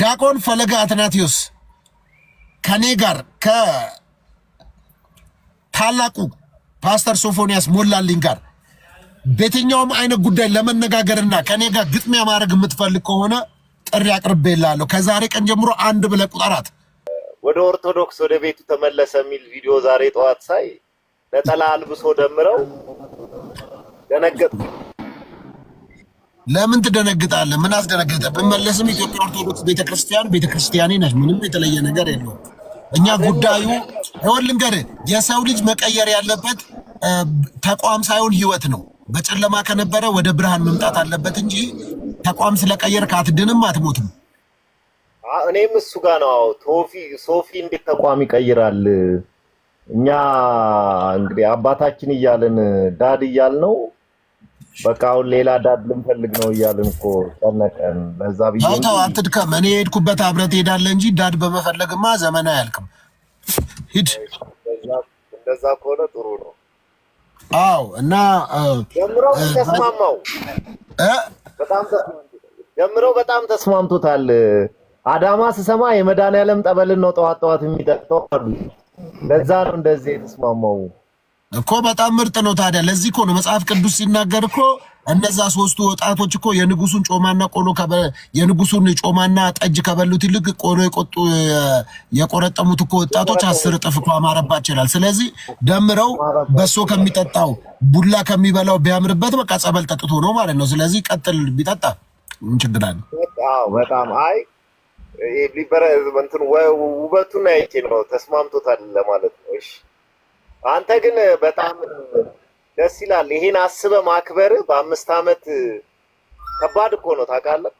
ዲያቆን ፈለገ አትናቲዮስ ከኔ ጋር ከታላቁ ፓስተር ሶፎንያስ ሞላልኝ ጋር በየትኛውም አይነት ጉዳይ ለመነጋገርና ከኔ ጋር ግጥሚያ ማድረግ የምትፈልግ ከሆነ ጥሪ አቅርቤልሃለሁ። ከዛሬ ቀን ጀምሮ አንድ ብለህ ቁጠራት። ወደ ኦርቶዶክስ ወደ ቤቱ ተመለሰ የሚል ቪዲዮ ዛሬ ጠዋት ሳይ ነጠላ አልብሶ ደምረው ደነገጥኩ። ለምን ትደነግጣለ ምን አስደነግጠ? ብመለስም ኢትዮጵያ ኦርቶዶክስ ቤተክርስቲያን ቤተክርስቲያን ነች። ምንም የተለየ ነገር የለውም። እኛ ጉዳዩ ወልንገር የሰው ልጅ መቀየር ያለበት ተቋም ሳይሆን ህይወት ነው። በጨለማ ከነበረ ወደ ብርሃን መምጣት አለበት እንጂ ተቋም ስለቀየርክ አትድንም፣ አትሞትም። እኔም እሱ ጋር ነው። ቶፊ ሶፊ እንዴት ተቋም ይቀይራል? እኛ እንግዲህ አባታችን እያልን ዳድ እያል ነው በቃ አሁን ሌላ ዳድ ልንፈልግ ነው እያልን እኮ ጨነቀን። ለዛ ብዬ አትድከም፣ እኔ የሄድኩበት አብረት ሄዳለ እንጂ ዳድ በመፈለግማ ዘመን አያልቅም። ሂድ። እንደዛ ከሆነ ጥሩ ነው። አዎ። እና ጀምረው ተስማማው፣ ጀምረው በጣም ተስማምቶታል። አዳማ ስሰማ የመድኃኒዓለም ጠበልን ነው ጠዋት ጠዋት የሚጠቅጠው አሉ። ለዛ ነው እንደዚህ የተስማማው። እኮ በጣም ምርጥ ነው። ታዲያ ለዚህ እኮ ነው መጽሐፍ ቅዱስ ሲናገር እኮ እነዛ ሶስቱ ወጣቶች እኮ የንጉሱን ጮማና ቆሎ የንጉሱን ጮማና ጠጅ ከበሉት ይልቅ ቆሎ የቆጡ የቆረጠሙት እኮ ወጣቶች አስር እጥፍ እኮ አማረባት ይችላል። ስለዚህ ደምረው በሶ ከሚጠጣው ቡላ ከሚበላው ቢያምርበት በቃ ጸበል ጠጥቶ ነው ማለት ነው። ስለዚህ ቀጥል ቢጠጣ እንችግዳል በጣም አይ ሊበረ ውበቱን አይቼ ነው ተስማምቶታል ለማለት ነው። እሺ አንተ ግን በጣም ደስ ይላል። ይሄን አስበ ማክበር በአምስት ዓመት ከባድ እኮ ነው ታውቃለህ።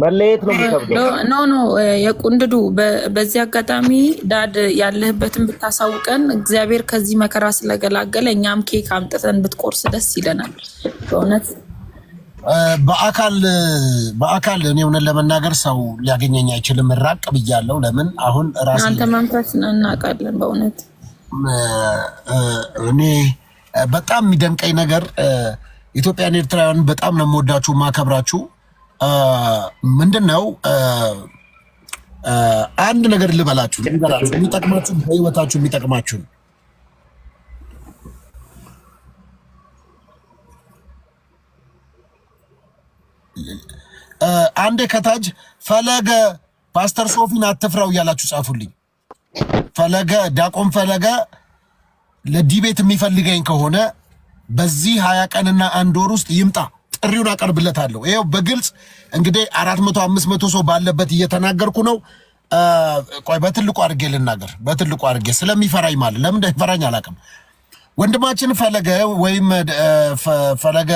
መለየት ነው የሚከብደው። ኖ ኖ የቁንድዱ በዚህ አጋጣሚ ዳድ ያለህበትን ብታሳውቀን እግዚአብሔር ከዚህ መከራ ስለገላገለ እኛም ኬክ አምጥተን ብትቆርስ ደስ ይለናል በእውነት በአካል በአካል እኔ እውነት ለመናገር ሰው ሊያገኘኝ አይችልም። ራቅ ብያለሁ። ለምን አሁን ራሴ አንተ መንፈስ እናውቃለን። በእውነት እኔ በጣም የሚደንቀኝ ነገር ኢትዮጵያን ኤርትራውያን በጣም ነው የምወዳችሁ ማከብራችሁ። ምንድን ነው አንድ ነገር ልበላችሁ ልበላችሁ የሚጠቅማችሁ በህይወታችሁ የሚጠቅማችሁ አንዴ ከታች ፈለገ ፓስተር ሶፊን አትፍራው እያላችሁ ጻፉልኝ። ፈለገ ዳቆም ፈለገ ለዲቤት የሚፈልገኝ ከሆነ በዚህ ሀያ ቀንና አንድ ወር ውስጥ ይምጣ፣ ጥሪውን አቀርብለታለሁ። ይኸው በግልጽ እንግዲህ አራት መቶ አምስት መቶ ሰው ባለበት እየተናገርኩ ነው። ቆይ በትልቁ አድርጌ ልናገር፣ በትልቁ አድርጌ ስለሚፈራኝ ማለት ለምን እንደሚፈራኝ አላውቅም። ወንድማችን ፈለገ ወይም ፈለገ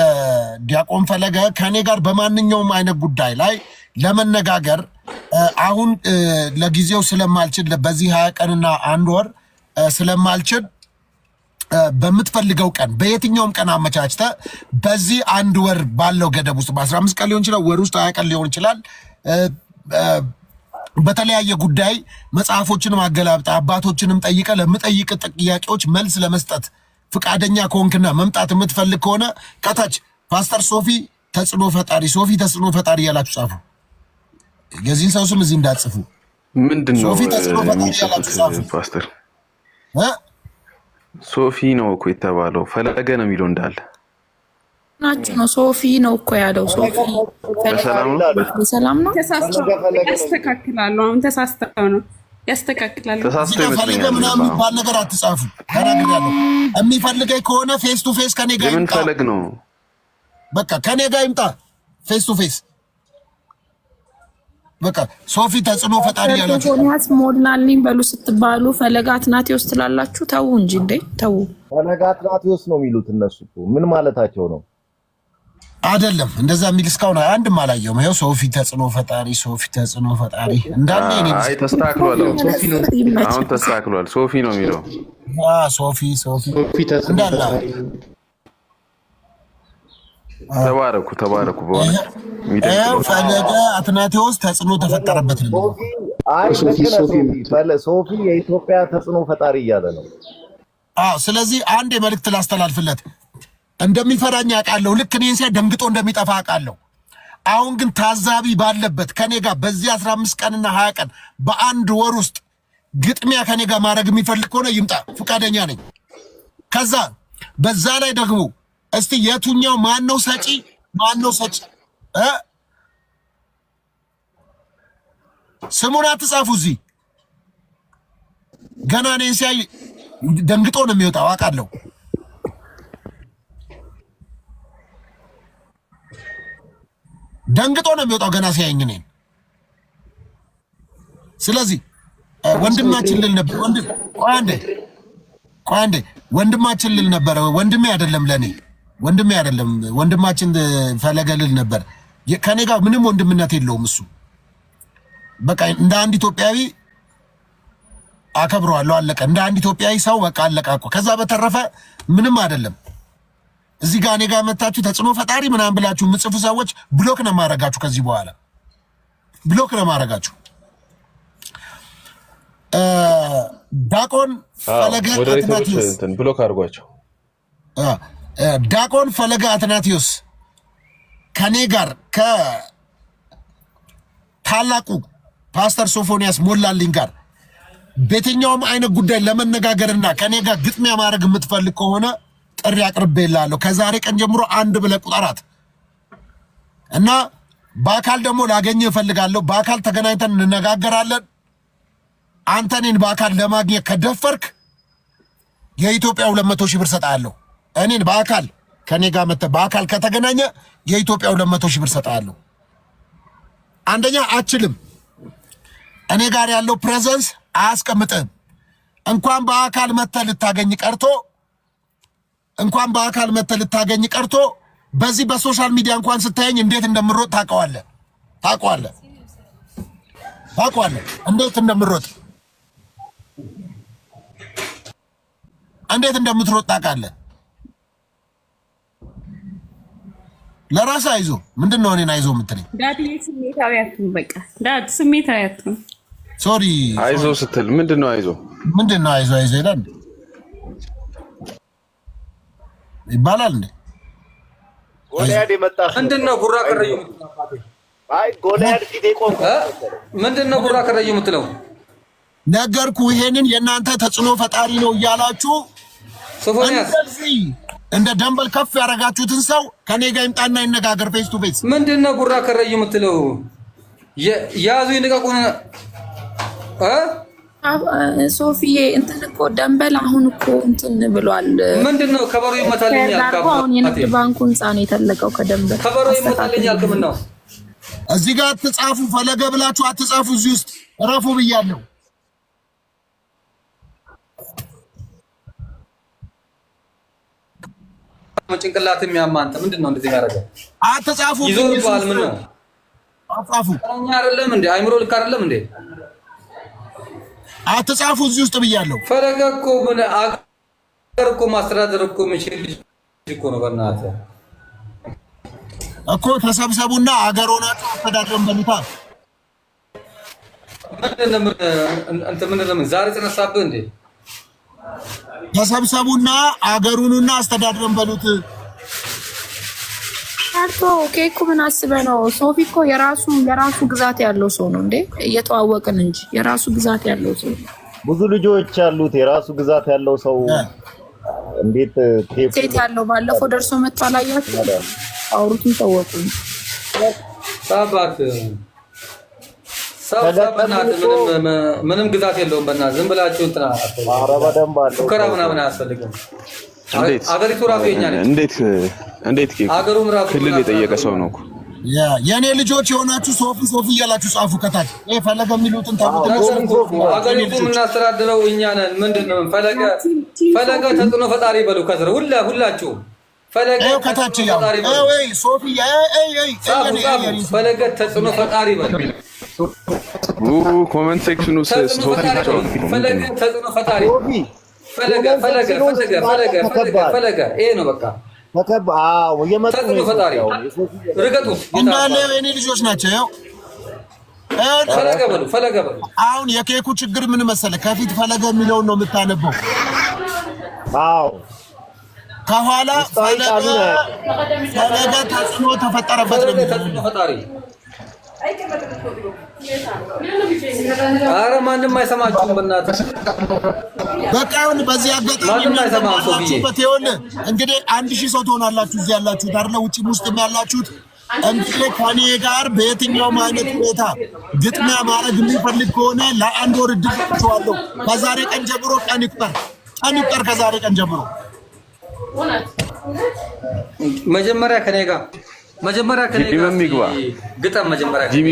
ዲያቆን ፈለገ ከኔ ጋር በማንኛውም አይነት ጉዳይ ላይ ለመነጋገር አሁን ለጊዜው ስለማልችል በዚህ ሀያ ቀንና አንድ ወር ስለማልችል በምትፈልገው ቀን በየትኛውም ቀን አመቻችተ በዚህ አንድ ወር ባለው ገደብ ውስጥ በአስራ አምስት ቀን ሊሆን ይችላል፣ ወር ውስጥ ሀያ ቀን ሊሆን ይችላል። በተለያየ ጉዳይ መጽሐፎችንም አገላብጠ አባቶችንም ጠይቀ ለምጠይቅ ጥያቄዎች መልስ ለመስጠት ፍቃደኛ ከሆንክና መምጣት የምትፈልግ ከሆነ ከታች ፓስተር ሶፊ ተጽዕኖ ፈጣሪ ሶፊ ተጽዕኖ ፈጣሪ እያላችሁ ጻፉ። የዚህን ሰው ስም እዚህ እንዳጽፉ። ምንድን ነው ሶፊ ተጽዕኖ ፈጣሪ ያላችሁ ጻፉ። ሶፊ ነው እኮ የተባለው፣ ፈለገ ነው የሚለው እንዳለ ናችሁ ነው። ሶፊ ነው እኮ ያለው። ሶፊ በሰላም ነው። በሰላም ነው። ተሳስተው ያስተካክላሉ። አሁን ተሳስተው ነው ያስተካክላል። ፈልገ ምናምን የሚባል ነገር አትጻፉ። ተናግሬያለሁ። የሚፈልገኝ ከሆነ ፌስ ቱ ፌስ ከኔ ጋር ይምጣ። ፈልግ ነው በቃ ከኔ ጋር ይምጣ። ፌስ ቱ ፌስ በቃ ሶፊ ተጽዕኖ ፈጣሪ ያላችሁ ቶኒያስ ሞላልኝ በሉ ስትባሉ ፈለገ አትናቴዎስ ትላላችሁ። ተዉ እንጂ እንዴ ተዉ። ፈለገ አትናቴዎስ ነው የሚሉት እነሱ። ምን ማለታቸው ነው? አይደለም እንደዛ የሚል እስካሁን አንድም አላየሁም። ይኸው ሶፊ ተጽዕኖ ፈጣሪ፣ ሶፊ ተጽዕኖ ፈጣሪ እንዳለ ተስተካክሏል። ተስተካክሏል። ሶፊ ነው የሚለው ሶፊ ሶፊ እንዳለ ተባረኩ፣ ተባረኩ። ፈለገ አትናቴዎስ ተጽዕኖ ተፈጠረበት ነው። ሶፊ የኢትዮጵያ ተጽዕኖ ፈጣሪ እያለ ነው። ስለዚህ አንድ የመልእክት ላስተላልፍለት እንደሚፈራኝ አውቃለሁ። ልክ እኔን ሲያ ደንግጦ እንደሚጠፋ አውቃለሁ። አሁን ግን ታዛቢ ባለበት ከኔ ጋር በዚህ አስራ አምስት ቀንና ሀያ ቀን በአንድ ወር ውስጥ ግጥሚያ ከኔ ጋር ማድረግ የሚፈልግ ከሆነ ይምጣ፣ ፈቃደኛ ነኝ። ከዛ በዛ ላይ ደግሞ እስቲ የቱኛው ማን ነው ሰጪ ማን ነው ሰጪ? ስሙን አትጻፉ እዚህ ገና እኔን ሲያይ ደንግጦ ነው የሚወጣው አውቃለሁ። ደንግጦ ነው የሚወጣው ገና ሲያየኝ እኔን። ስለዚህ ወንድማችን ልል ነበር ወንድም ቆይ አንዴ ቆይ አንዴ ወንድማችን ልል ነበረ። ወንድሜ አይደለም ለኔ ወንድሜ አይደለም ወንድማችን ፈለገ ልል ነበር። ከኔ ጋር ምንም ወንድምነት የለውም እሱ። በቃ እንደ አንድ ኢትዮጵያዊ አከብረዋለሁ። አለቀ። እንደ አንድ ኢትዮጵያዊ ሰው በቃ አለቃ እኮ። ከዛ በተረፈ ምንም አይደለም። እዚህ ጋር እኔ ጋር መታችሁ ተጽዕኖ ፈጣሪ ምናምን ብላችሁ የምጽፉ ሰዎች ብሎክ ነው ማረጋችሁ። ከዚህ በኋላ ብሎክ ነው ማረጋችሁ። ዳቆን ፈለገ አትናቴዎስ ብሎክ አድርጓቸው። ዳቆን ፈለገ አትናቴዎስ ከኔ ጋር ከታላቁ ፓስተር ሶፎንያስ ሞላልኝ ጋር በየትኛውም አይነት ጉዳይ ለመነጋገርና ከኔ ጋር ግጥሚያ ማድረግ የምትፈልግ ከሆነ ጥሪ አቅርቤልሃለሁ። ከዛሬ ቀን ጀምሮ አንድ ብለህ ቁጠራት እና በአካል ደግሞ ላገኘ እፈልጋለሁ። በአካል ተገናኝተን እንነጋገራለን። አንተ እኔን በአካል ለማግኘት ከደፈርክ የኢትዮጵያ ሁለት መቶ ሺህ ብር ሰጣለሁ። እኔን በአካል ከኔ ጋር መተ በአካል ከተገናኘ የኢትዮጵያ ሁለት መቶ ሺህ ብር ሰጣለሁ። አንደኛ አችልም፣ እኔ ጋር ያለው ፕሬዘንስ አያስቀምጥህም። እንኳን በአካል መተ ልታገኝ ቀርቶ እንኳን በአካል መተ ልታገኝ ቀርቶ በዚህ በሶሻል ሚዲያ እንኳን ስታየኝ እንዴት እንደምሮጥ ታውቀዋለህ ታውቀዋለህ ታውቀዋለህ እንዴት እንደምሮጥ እንዴት እንደምትሮጥ ታውቃለህ። ለራስ አይዞ ምንድን ነው እኔን አይዞ የምትለኝ? ስሜታዊ አትሁን፣ በቃ ስሜታዊ አትሁን። ሶሪ አይዞ ስትል ምንድን ነው አይዞ ምንድን ነው አይዞ አይዞ ይላል ይባላል እንዴ? ጎልያድ የመጣ ምንድን ነው? ጉራ ቀረዩ ምንድን ነው? ጉራ ቀረዩ የምትለው ነገርኩ። ይሄንን የእናንተ ተጽዕኖ ፈጣሪ ነው እያላችሁ ሶፎንያስ እንደ ደንበል ከፍ ያደረጋችሁትን ሰው ከኔ ጋር ይምጣና ይነጋገር ፌስ ቱ ፌስ። ምንድን ነው ጉራ ከረዩ የምትለው? ያዙ ይንቀቁን እ ሶፊዬ እንትን እኮ ደንበል አሁን እኮ እንትን ብሏል። ምንድን ነው ከበሮ ይመታልኛል። አሁን የንግድ ባንኩ ህንፃ ነው የተለቀው ከደንበል ከበሮ ይመታልኛል። ነው እዚህ ጋር አትጻፉ፣ ፈለገ ብላችሁ አትጻፉ። እዚህ ውስጥ እረፉ ብያለሁ። ጭንቅላት የሚያማንጥ ምንድን ነው እንደዚህ ያደረገው? አትጻፉ። ይዞ ባል ምን ነው አትጻፉ። አይምሮ ልክ አይደለም እንዴ? አትጻፉ እዚህ ውስጥ ብያለሁ። ፈለገ እኮ ምን አገር እኮ ማስተዳደር እኮ የሚችል እኮ ነው። በእናትህ እኮ ተሰብሰቡና አገር ሆናችሁ አስተዳድረን በሉታ። ዛሬ ተነሳብህ እንዴ? ተሰብሰቡና አገሩንና አስተዳድረን በሉት። አቶ ኬኩ ምን አስበ ነው? ሶፊ እኮ የራሱ የራሱ ግዛት ያለው ሰው ነው እንዴ፣ እየተዋወቅን እንጂ የራሱ ግዛት ያለው ሰው ነው። ብዙ ልጆች ያሉት የራሱ ግዛት ያለው ሰው እንዴት ሴት ያለው ባለፈው ደርሶ መጥቶ አላያችሁም? አውሩትን ተወቁ ሳባት ምንም ግዛት የለውም። በእናትህ ዝም ብላችሁ እንትና ኧረ በደንብ አለው ፉከራ ምናምን አያስፈልግም። አገሪቱ ራሱ የኛ ነች። እንዴት እንዴት አገሩም ራሱ ክልል የጠየቀ ሰው ነው እኮ የእኔ ልጆች የሆናችሁ ሶፊ ሶፊ እያላችሁ ጻፉ። ከታች ይሄ ፈለገ የሚሉትን ታቦት አገሪቱ የምናስተዳድረው እኛ ነን። ምንድን ነው ፈለገ ፈለገ ተጽዕኖ ፈጣሪ በሉ ከስር ሁላ ሁላችሁ ፈለገ ከታች ፈለገ ተጽዕኖ ፈጣሪ በሉ። ኮመንት ሴክሽን ውስጥ ፈለገ ተጽዕኖ ፈጣሪ ፈለገ ነው በቃ ተከባ አሁን የኬኩ ችግር ምን መሰለህ ከፊት ፈለገ የሚለውን ነው የምታነበው አዎ ከኋላ ፈለገ ተጽዕኖ ተፈጠረበት ነው አረ ማንም አይሰማችሁም። በእናትህ በቃ አሁን በዚህ አጋጣሚ ባላችሁበት የሆነ እንግዲህ አንድ ሺህ ሰው ትሆናላችሁ እዚህ ያላችሁት አይደለ? ውጭም ውስጥም ያላችሁት እንግዲህ ከኔ ጋር በየትኛውም አይነት ሁኔታ ግጥሚያ ማድረግ የሚፈልግ ከሆነ ለአንድ ወር እድል ሰጥቼዋለሁ። ከዛሬ ቀን ጀምሮ ቀን ይቁጠር፣ ቀን ይቁጠር። ከዛሬ ቀን ጀምሮ መጀመሪያ ከኔ ጋር መጀመሪያ ግጠም መጀመሪያ ጂሚ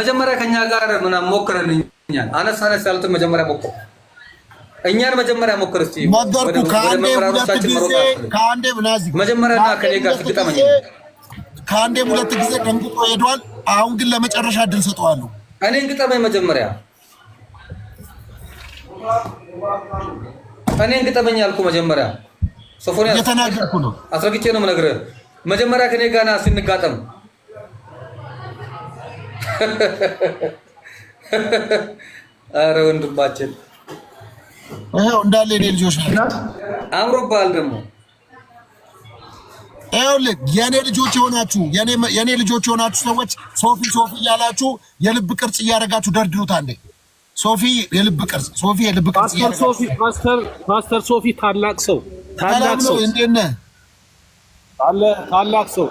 መጀመሪያ ከኛ ጋር ምናምን ሞክረንኛል። አነስ አነስ ያሉትን መጀመሪያ ሞክር፣ እኛን መጀመሪያ ሞክር እስኪ ሞከርኩ። ከአንዴ ሁለት ጊዜ ከአንዴ መጀመሪያ ከኔ ጋር ግጠመኝ። ከአንዴ ሁለት ጊዜ ቀንግጦ ሄዷል። አሁን ግን ለመጨረሻ እድል ሰጠዋለሁ። እኔን ግጠመኝ መጀመሪያ እኔን ግጠመኝ አልኩ መጀመሪያ ሶፎንያስ እየተናገርኩ ነው። አስረግቼ ነው የምነግርህ። መጀመሪያ ከኔ ጋና ስንጋጠም አረ ወንድማችን ይኸው እንዳለ የኔ ልጆች አምሮብሃል። ደግሞ ይኸውልህ የኔ ልጆች የሆናችሁ የኔ ልጆች የሆናችሁ ሰዎች ሶፊ ሶፊ እያላችሁ የልብ ቅርጽ እያደረጋችሁ ደርድሩት አንዴ። ሶፊ የልብ ቅርጽ፣ ሶፊ የልብ ቅርጽ። ማስተር ሶፊ ታላቅ ሰው ታላቅ ሰው እንዴት ነህ? ታላቅ ሰው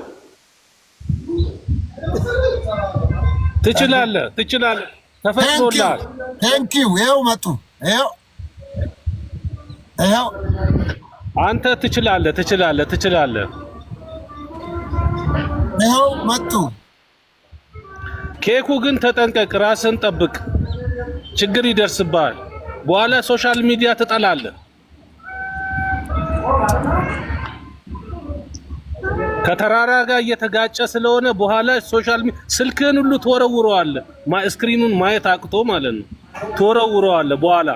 ትችላለህ፣ ትችላለህ። ተፈቅዶልሃል። ቴንኪው። ይኸው መጡ። ይኸው ይኸው። አንተ ትችላለህ፣ ትችላለህ፣ ትችላለህ። ይኸው መጡ። ኬኩ ግን ተጠንቀቅ፣ ራስን ጠብቅ፣ ችግር ይደርስብሃል። በኋላ ሶሻል ሚዲያ ትጠላለህ። ከተራራ ጋር እየተጋጨ ስለሆነ በኋላ ሶሻል ስልክህን ሁሉ ትወረውረዋለህ። ስክሪኑን ማየት አቅቶ ማለት ነው ትወረውረዋለህ በኋላ